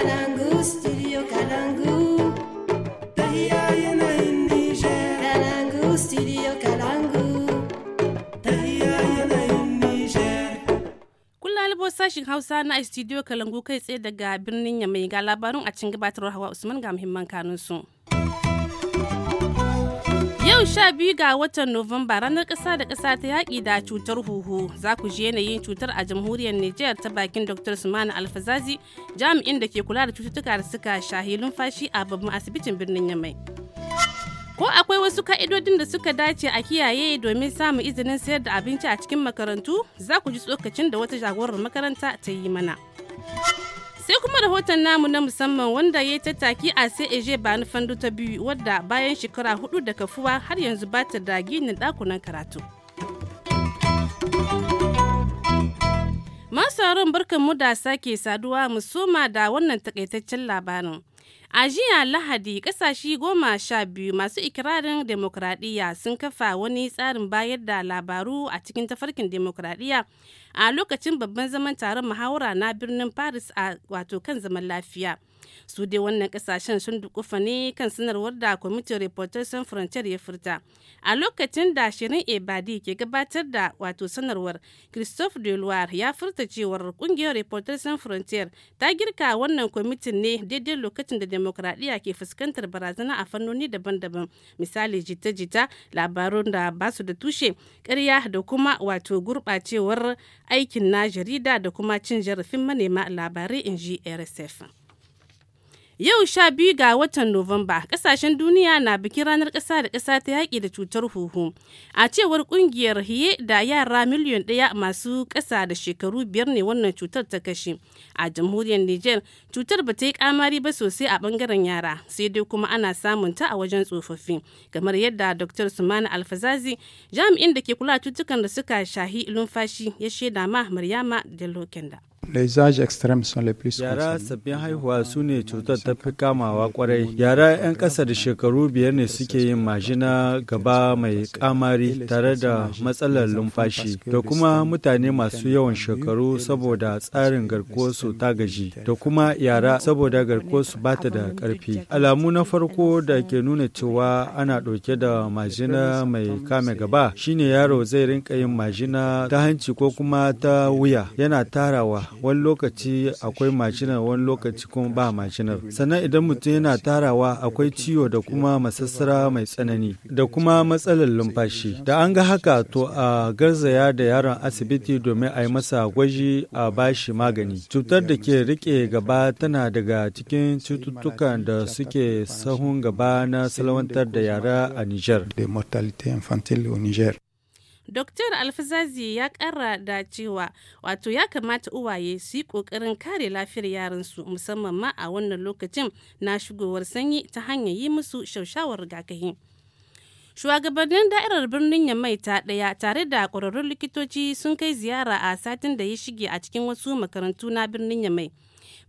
Kalangu, studio sashin Hausa na studio Kalangu kai tsaye daga birnin Yamai ga labarin a cikin gabatarwa Hawa Usman ga muhimman kanunsu. Yau sha biyu ga watan Nuwamba ranar ƙasa da ƙasa ta yaƙi da cutar huhu za ku ji yanayin cutar a jamhuriyar Nijar ta bakin Dr. Sumana Alfazazi jami'in da ke kula da cututtuka da suka shahi lumfashi a babban asibitin birnin Yamai. Ko akwai wasu ka'idodin da suka dace a kiyaye domin samun izinin sayar da abinci a cikin makarantu za ku ji tsokacin da wata jagorar makaranta ta yi mana. sai kuma rahoton namu na musamman wanda ya yi tattaki a sai eje ba nufan ta biyu wadda bayan shekara hudu da kafuwa har yanzu ba ta da ginin dakunan karatu masu barkan mu da sake saduwa musoma da wannan takaitaccen labarin A jiya Lahadi, kasashe goma sha biyu masu ikirarin demokradiyya sun kafa wani tsarin bayar da labaru a cikin tafarkin demokradiyya a lokacin babban zaman taron muhawara na birnin Paris a wato kan zaman lafiya. su dai wannan kasashen sun dukufa ne kan sanarwar da kwamitin reporters sun frontier ya furta a lokacin da shirin ebadi ke gabatar da wato sanarwar christophe loire ya furta cewar kungiyar reporters sun frontier ta girka wannan kwamitin ne daidai lokacin da demokradiyya ke fuskantar barazana a fannoni daban-daban misali jita-jita labarun da ba su da tushe karya da kuma wato gurɓacewar aikin na jarida da kuma cin zarafin manema labarai in ji rsf Yau sha biyu ga watan Nuwamba, kasashen duniya na bikin ranar ƙasa da ƙasa ta yaƙi da cutar huhu. A cewar ƙungiyar hiye da yara miliyon ɗaya masu ƙasa da shekaru biyar ne wannan cutar ta kashe. A jamhuriyar Nijar, cutar ba ta yi ƙamari ba sosai a ɓangaren yara, sai dai kuma ana samun ta a wajen tsofaffi. Kamar yadda Dr. Sumana Alfazazi, jami'in da ke kula cutukan da suka shahi lumfashi ya shaida ma Maryama Dello Kenda. Yara sabbin haihuwa su ne cutar ta fi kamawa kwarai. Yara 'yan ƙasa da shekaru biyar ne suke yin majina gaba mai kamari tare da matsalar lumfashi da kuma mutane masu yawan shekaru saboda tsarin garkuwarsu ta gaji da kuma yara saboda garkuwarsu ba ta da ƙarfi. Alamu na farko da ke nuna cewa ana ɗauke da majina mai kame gaba shine yaro zai rinka yin majina ta hanci ko kuma ta wuya yana tarawa wani lokaci akwai mashinar wani lokaci kuma ba mashinar sannan idan mutum yana tarawa akwai ciwo da kuma masassara mai tsanani da kuma matsalar lumfashi da an ga haka to a garzaya da yaron asibiti domin a yi masa gwaji a bashi magani cutar da ke rike gaba tana daga cikin cututtukan da suke sahun gaba na salwantar da yara a niger Dr. Alfazazi ya ƙara da cewa wato ya kamata uwaye su yi ƙoƙarin kare lafiyar yaransu musamman ma a wannan lokacin na shigowar sanyi ta hanyar yi musu shaushawar rigakafi. Shugabannin da'irar birnin Yamai ta ɗaya tare da ƙwararrun likitoci sun kai ziyara a satin da ya shige a cikin wasu makarantu na birnin Yamai.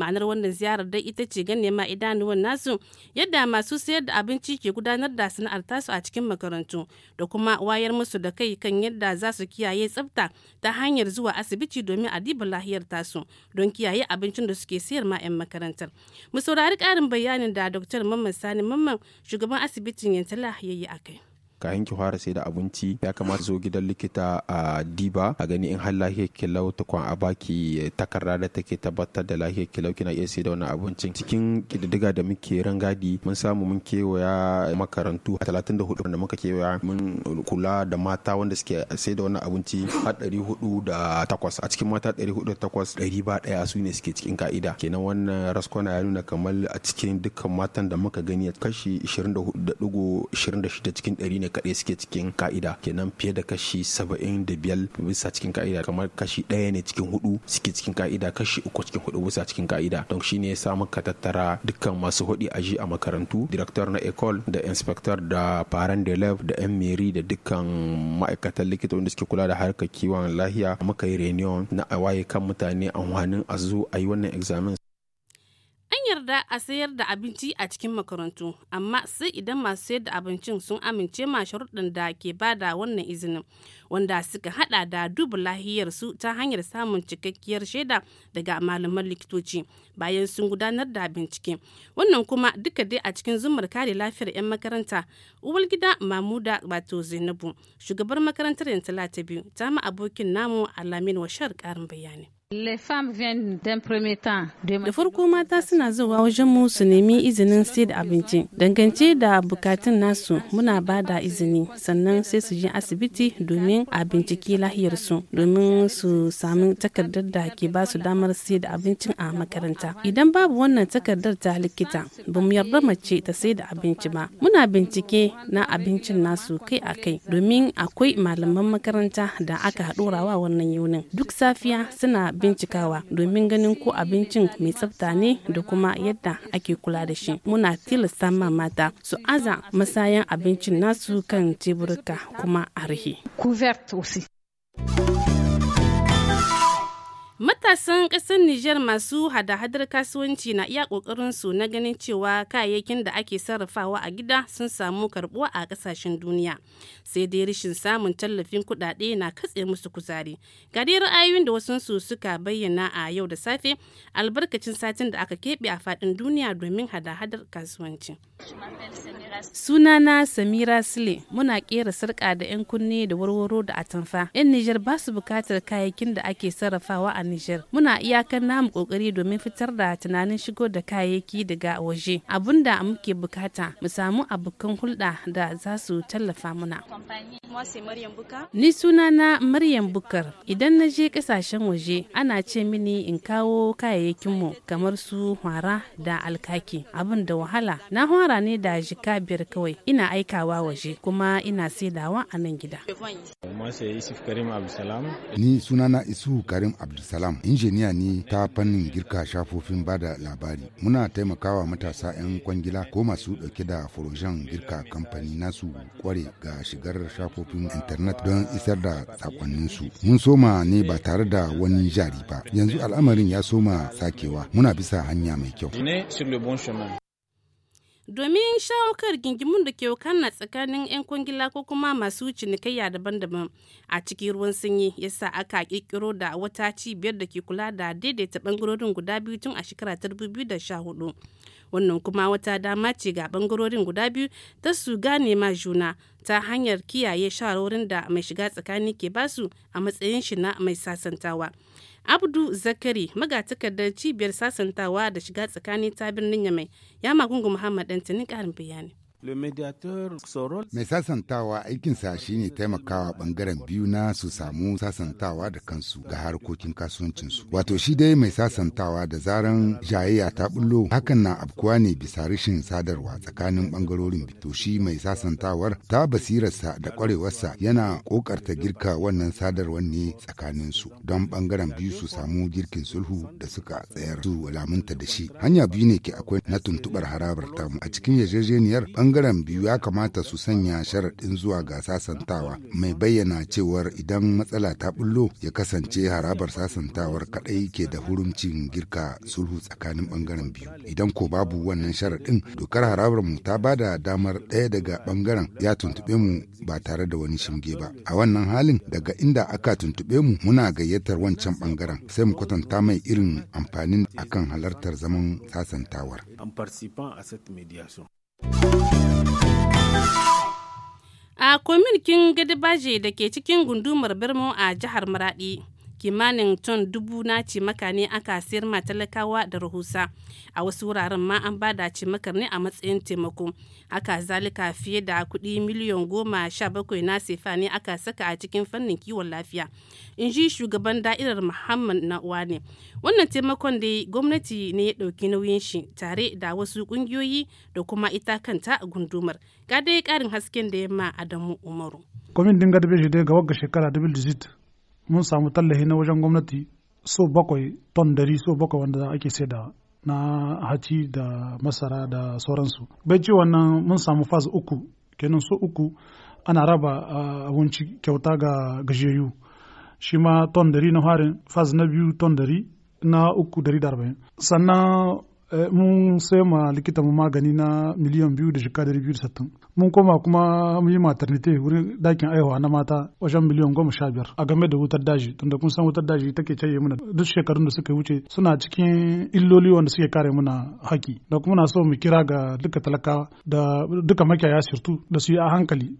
ma'anar wannan ziyarar dai ita ce gane ma idanuwan nasu yadda masu sayar da abinci ke gudanar da sana'ar tasu a cikin makarantu da kuma wayar musu da kai kan yadda za su kiyaye tsafta ta hanyar zuwa asibiti domin a diba lahiyar tasu don kiyaye abincin da suke sayar ma 'yan makarantar mu saurari karin bayanin da dr mamman sani mamman shugaban asibitin yantala ya yi a kai kayan ki fara sai da abinci ya kamata zo gidan likita a diba a gani in har lahiyar kilau ta kwan a baki takarda da take tabbatar da lahiyar kilau kina iya sai da wannan abincin cikin kididdiga da muke rangadi mun samu mun kewaya makarantu a talatin da hudu da muka kewaya mun kula da mata wanda suke sai da wannan abinci har ɗari hudu da takwas a cikin mata ɗari hudu da takwas ɗari ba ɗaya su ne suke cikin ka'ida kenan wannan raskwana ya nuna kamar a cikin dukkan matan da muka gani kashi ishirin da hudu da ɗigo ishirin da shida cikin ɗari ne ne kaɗai suke cikin ka'ida kenan fiye da kashi saba'in da biyar bisa cikin ka'ida kamar kashi ɗaya ne cikin hudu suke cikin ka'ida kashi uku cikin hudu bisa cikin ka'ida don shi ne sa muka tattara dukkan masu hudi aji a makarantu director na ecole da inspector da parent de da yan meri da dukkan ma'aikatan likita wanda suke kula da harkar kiwon lahiya muka yi reunion na a waye kan mutane amfanin a zo a yi wannan examen yarda a sayar da abinci a cikin makarantu amma sai idan masu sayar da abincin sun amince ma sharuɗin da ke bada wannan izinin wanda suka hada da duba lahiyarsu ta hanyar samun cikakkiyar shaida daga malaman likitoci bayan sun gudanar da bincike wannan kuma duka dai a cikin zumar kare lafiyar 'yan makaranta uwar gida mamuda wato zainabu shugabar makarantar yan talata biyu ta ma abokin namu alamin washar karin bayani Da farko mata suna zuwa wajen mu su nemi izinin sai da abinci. Dangance da bukatun nasu muna ba da izini sannan sai su je asibiti domin yin a binciki lahiyarsu domin su sami takardar da ke ba su damar sai da abincin a makaranta idan babu wannan takardar ta likita ba mu yarda mace ta sai da abinci ba muna bincike na abincin nasu kai a kai domin akwai malaman makaranta da aka haɗorawa wannan yunin duk safiya suna bincikawa domin ganin ko abincin mai tsafta ne da kuma yadda ake kula da shi muna tilasta ma mata su aza masayan abincin nasu kan teburka kuma a rihe. certo, sim. Matasan ƙasar Nijar masu hada-hadar kasuwanci na iya ƙoƙarin su na ganin cewa kayayyakin da ake sarrafawa a gida sun samu karbuwa a ƙasashen duniya. Sai dai rashin samun tallafin kuɗaɗe na katse musu kuzari. Ga dai ra'ayoyin da wasu su suka bayyana a yau da safe albarkacin satin da aka keɓe a faɗin duniya domin hada-hadar kasuwanci. Sunana Samira Sule muna ƙera sarƙa da 'yan kunne da warwaro da atamfa. 'Yan Nijar ba su buƙatar kayayyakin da ake sarrafawa a Nijar. Muna iyakan namu kokari domin fitar da tunanin shigo da kayayyaki daga waje. Abunda muke bukata mu samu abokan hulɗa da za su tallafa muna. Ni suna na Maryam Bukar. Idan na je kasashen waje ana ce mini in kawo kayayyakinmu kamar su hwara da alkaki. Abin da wahala na hwara ne da jika biyar kawai ina aikawa waje kuma ina saidawa a nan gida. Ni suna na Isu Karim Abdulsalam. Salam injiniya ne ta fannin girka shafofin bada labari. Muna taimakawa matasa 'yan kwangila ko masu dauke da furojen girka kamfani nasu kware ga shigar shafofin intanet don isar da sakonninsu. Mun soma ne ba tare da wani jari ba. Yanzu al'amarin ya soma sakewa. Muna bisa hanya mai kyau. domin shawakar gingimin da ke wakana tsakanin 'yan kwangila ko kuma masu cinikayya daban-daban a cikin ruwan sanyi yasa aka kirkiro da wata cibiyar da ke kula da daidaita bangarorin guda biyu tun a shekara ta 2014 wannan kuma wata dama ce ga bangarorin guda biyu ta su gane ma juna ta hanyar kiyaye shawarorin da mai shiga tsakani ke basu a matsayin shi na mai sasantawa abdu zakari magatakardar cibiyar sasantawa da shiga tsakanin ta birnin yamai ya magungu muhammad dantani karin bayani Mai sasantawa aikinsa shine taimakawa bangaren biyu na su samu sasantawa da kansu ga harkokin kasuwancinsu. Wato shi dai mai sasantawa da zaran jayayya ta bullo hakan na abkuwa ne bisa rashin sadarwa tsakanin bangarorin to shi mai sasantawar ta basirarsa da kwarewarsa yana kokarta girka wannan sadarwar ne tsakaninsu don bangaren biyu su samu girkin sulhu da suka tsayar su lamunta da shi. Hanya biyu ne ke akwai na tuntubar harabar tamu a cikin yarjejeniyar bangaren biyu ya kamata su sanya sharaɗin zuwa ga sasantawa mai bayyana cewar idan matsala ta bullo ya kasance harabar sasantawar kaɗai ke da hurumcin girka sulhu tsakanin bangaren biyu idan ko babu wannan sharaɗin dokar harabar mu ta da damar ɗaya daga bangaren ya tuntuɓe mu ba tare da wani shinge ba a wannan halin daga inda aka tuntuɓe mu muna gayyatar wancan bangaren sai mu kwatanta mai irin amfanin akan halartar zaman sasantawar. a gadi gadibaje da ke cikin gundumar birmo a jihar maradi kimanin ton dubu na cimaka ne aka sayar ma talakawa da rahusa a wasu wuraren ma an bada cimakar ne a matsayin taimako haka zalika fiye da kudi miliyan goma sha bakwai na sefa ne aka saka a cikin fannin kiwon lafiya in ji shugaban da'irar muhammad na'uwa ne wannan taimakon da gwamnati ne ya ɗauki nauyin shi tare da wasu ƙungiyoyi da kuma ita kanta gundumar ga dai karin hasken da yamma adamu umaru gwamnatin gadabin shi dai ga wagga shekara 2018 mun samu tallafi na wajen gwamnati so bakwai ton dari so bakwai wanda ake sai da na haci da masara da sauransu bai ci wannan mun samu fas uku kenan so uku ana raba ah, abinci kyauta ga gajiyayyu shi ma ton dari na harin fas na biyu ton dari na uku dari da arba'in sannan Eh, mun sai ma likita mu magani na miliyan biyu da shekara dari biyu da sattin mun koma kuma mun yi maternity wurin dakin aihuwa na mata wajen miliyan goma sha biyar a game da wutar daji tunda kun san wutar daji take caye mana duk shekarun da suka wuce suna cikin illoli wanda suke kare mana haki da kuma na so mu kira ga duka talakawa da duka makiyaya sirtu da su yi a hankali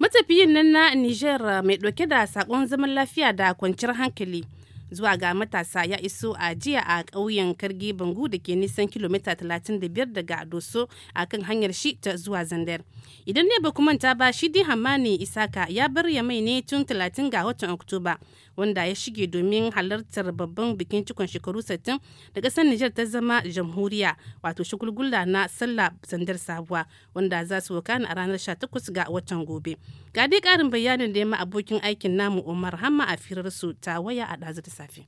matafiyin nan na Niger mai ɗauke da sakon zaman lafiya da kwanciyar hankali zuwa ga matasa ya iso a jiya a ƙauyen karge bangu da ke nisan kilomita 35 daga doso a kan hanyar shi ta zuwa zandar idan ne ba manta ba shi dai hamani isaka ya bar ya mai ne tun 30 ga watan oktoba wanda ya shige domin halartar babban bikin cikon shekaru 60 da ƙasar nijar ta zama jamhuriya wato shagulgula na sallah zandar sabuwa wanda za su wakana a ranar 18 ga watan gobe ga dai ƙarin bayanin da ya ma abokin aikin namu umar hamma a firar su ta waya a ɗazu safe?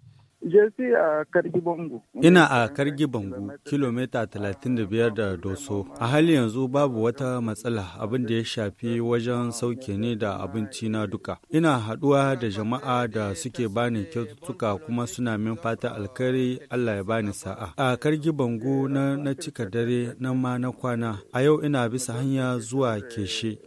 Ina a Kargi bangu kilomita 35 da Doso. A hali yanzu babu wata matsala abin da ya shafi wajen sauke ne da abinci na duka. Ina haɗuwa da jama'a da suke bani kyaututtuka kuma suna min fata alkari Allah ya bani sa'a. A Kargi bangu na na cika dare na ma na kwana. A yau ina bisa hanya zuwa Keshe.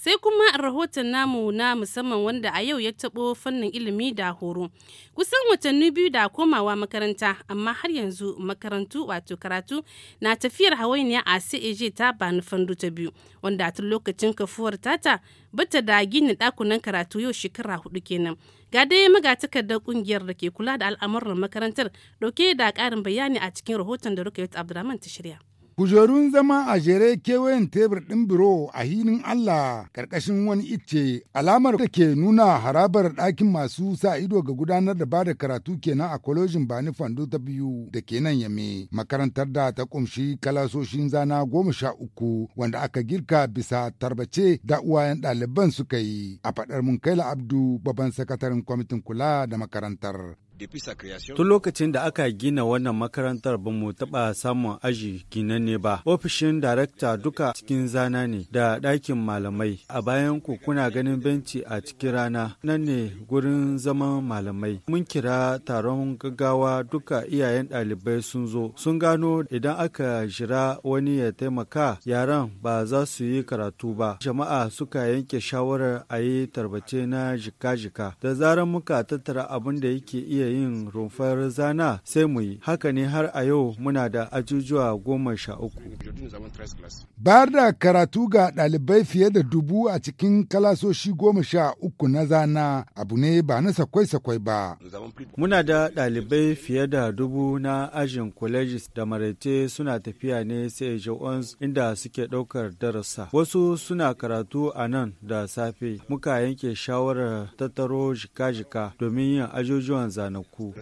sai kuma rahoton namu na musamman wanda a yau ya taɓo fannin ilimi da horo kusan watanni biyu da komawa makaranta amma har yanzu makarantu wato karatu na tafiyar hawainiya a cej ta bani fandu ta biyu wanda a tun lokacin kafuwar tata bata da gini ɗakunan karatu yau shekara hudu kenan ga dai magatakardar kungiyar da ke kula da al'amuran makarantar dauke da ƙarin bayani a cikin rahoton da rukayat abdulrahman ta shirya Kujerun zama a jere kewayen tebur ɗin biro a hinin Allah ƙarƙashin wani icce alamar da ke nuna harabar ɗakin masu sa ido ga gudanar da bada karatu kenan a kwalojin Bani Fando ta biyu da ke nan Yame makarantar da ta ƙumshi kalasoshin zana goma sha uku wanda aka girka bisa tarbace da uwayen ɗaliban suka yi a faɗar Munkaila Abdu babban sakataren kwamitin kula da makarantar. Tun lokacin da aka gina wannan makarantar ba mu taɓa samun aji ginanne ba. Ofishin darakta duka cikin zana ne da ɗakin malamai. A bayan ku kuna ganin benci a cikin rana nan ne gurin zaman malamai. Mun kira taron gaggawa duka iyayen ɗalibai sun zo. Sun gano idan aka jira wani ya taimaka yaran ba za su yi karatu ba. Jama'a suka yanke shawarar a yi tarbace na jika-jika. Da zarar muka tattara abin da yake iya yin rumfar zana sai mu yi haka ne har a yau muna da ajujuwa goma sha uku. Bayar da karatu ga ɗalibai fiye da dubu a cikin kalasoshi goma sha uku na zana abu ne ba na sakwai-sakwai ba. Muna da ɗalibai fiye da dubu na ajin colleges da maraice suna tafiya ne sai Jones inda suke ɗaukar darasa. Wasu suna karatu a nan da safe muka yanke shawarar tattaro jika-jika domin yin ajujuwan zana. ranaku.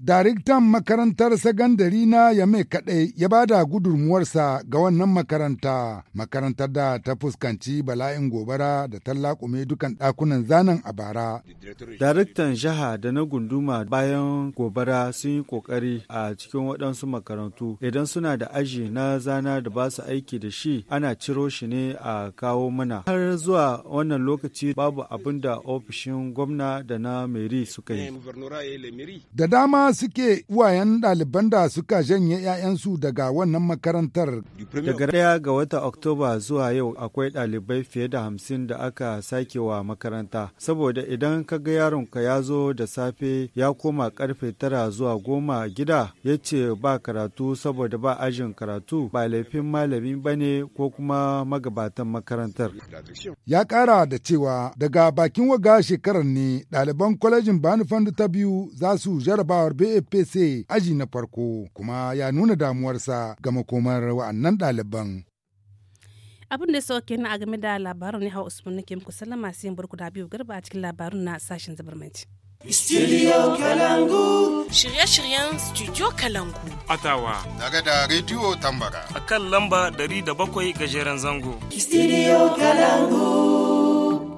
Daraktan makarantar sagandari na Yame kaɗai ya ba da gudunmuwarsa ga wannan makaranta, makarantar da ta fuskanci bala'in gobara da tallakume dukan ɗakunan zanen a bara. Daraktan jiha da na gunduma bayan gobara sun yi ƙoƙari a cikin waɗansu makarantu idan suna da aji na zana da ba su aiki da shi ana ciro shi ne a kawo mana. Har zuwa wannan lokaci babu abin da ofishin gwamna da na meri suka yi. Da dama suke wayan ɗaliban da suka janye 'ya'yansu daga wannan makarantar. Daga ɗaya ga wata Oktoba zuwa yau akwai ɗalibai fiye da hamsin da aka sake wa makaranta. Saboda idan ka ga yaronka ya zo da safe ya koma karfe tara zuwa goma gida ya ce ba karatu saboda ba ajin karatu ba laifin malami ba ne ko kuma magabatan makarantar. Ya ƙara da cewa daga bakin waga shekarar ne ɗaliban kwalejin Bani Fandu ta biyu za su jarabawar BFPC aji na farko kuma ya nuna damuwarsa ga makomar wa'annan ɗaliban. abin da sauke na a game da labarin ne hau usman nake muku sallama sai yin barku da biyu garba a cikin labarun na sashen zabarmanci. Studio Kalangu. Shirye-shiryen Studio Kalangu. Atawa. Daga da Radio Tambara. A kan lamba 700 gajeren zango. Studio Kalangu.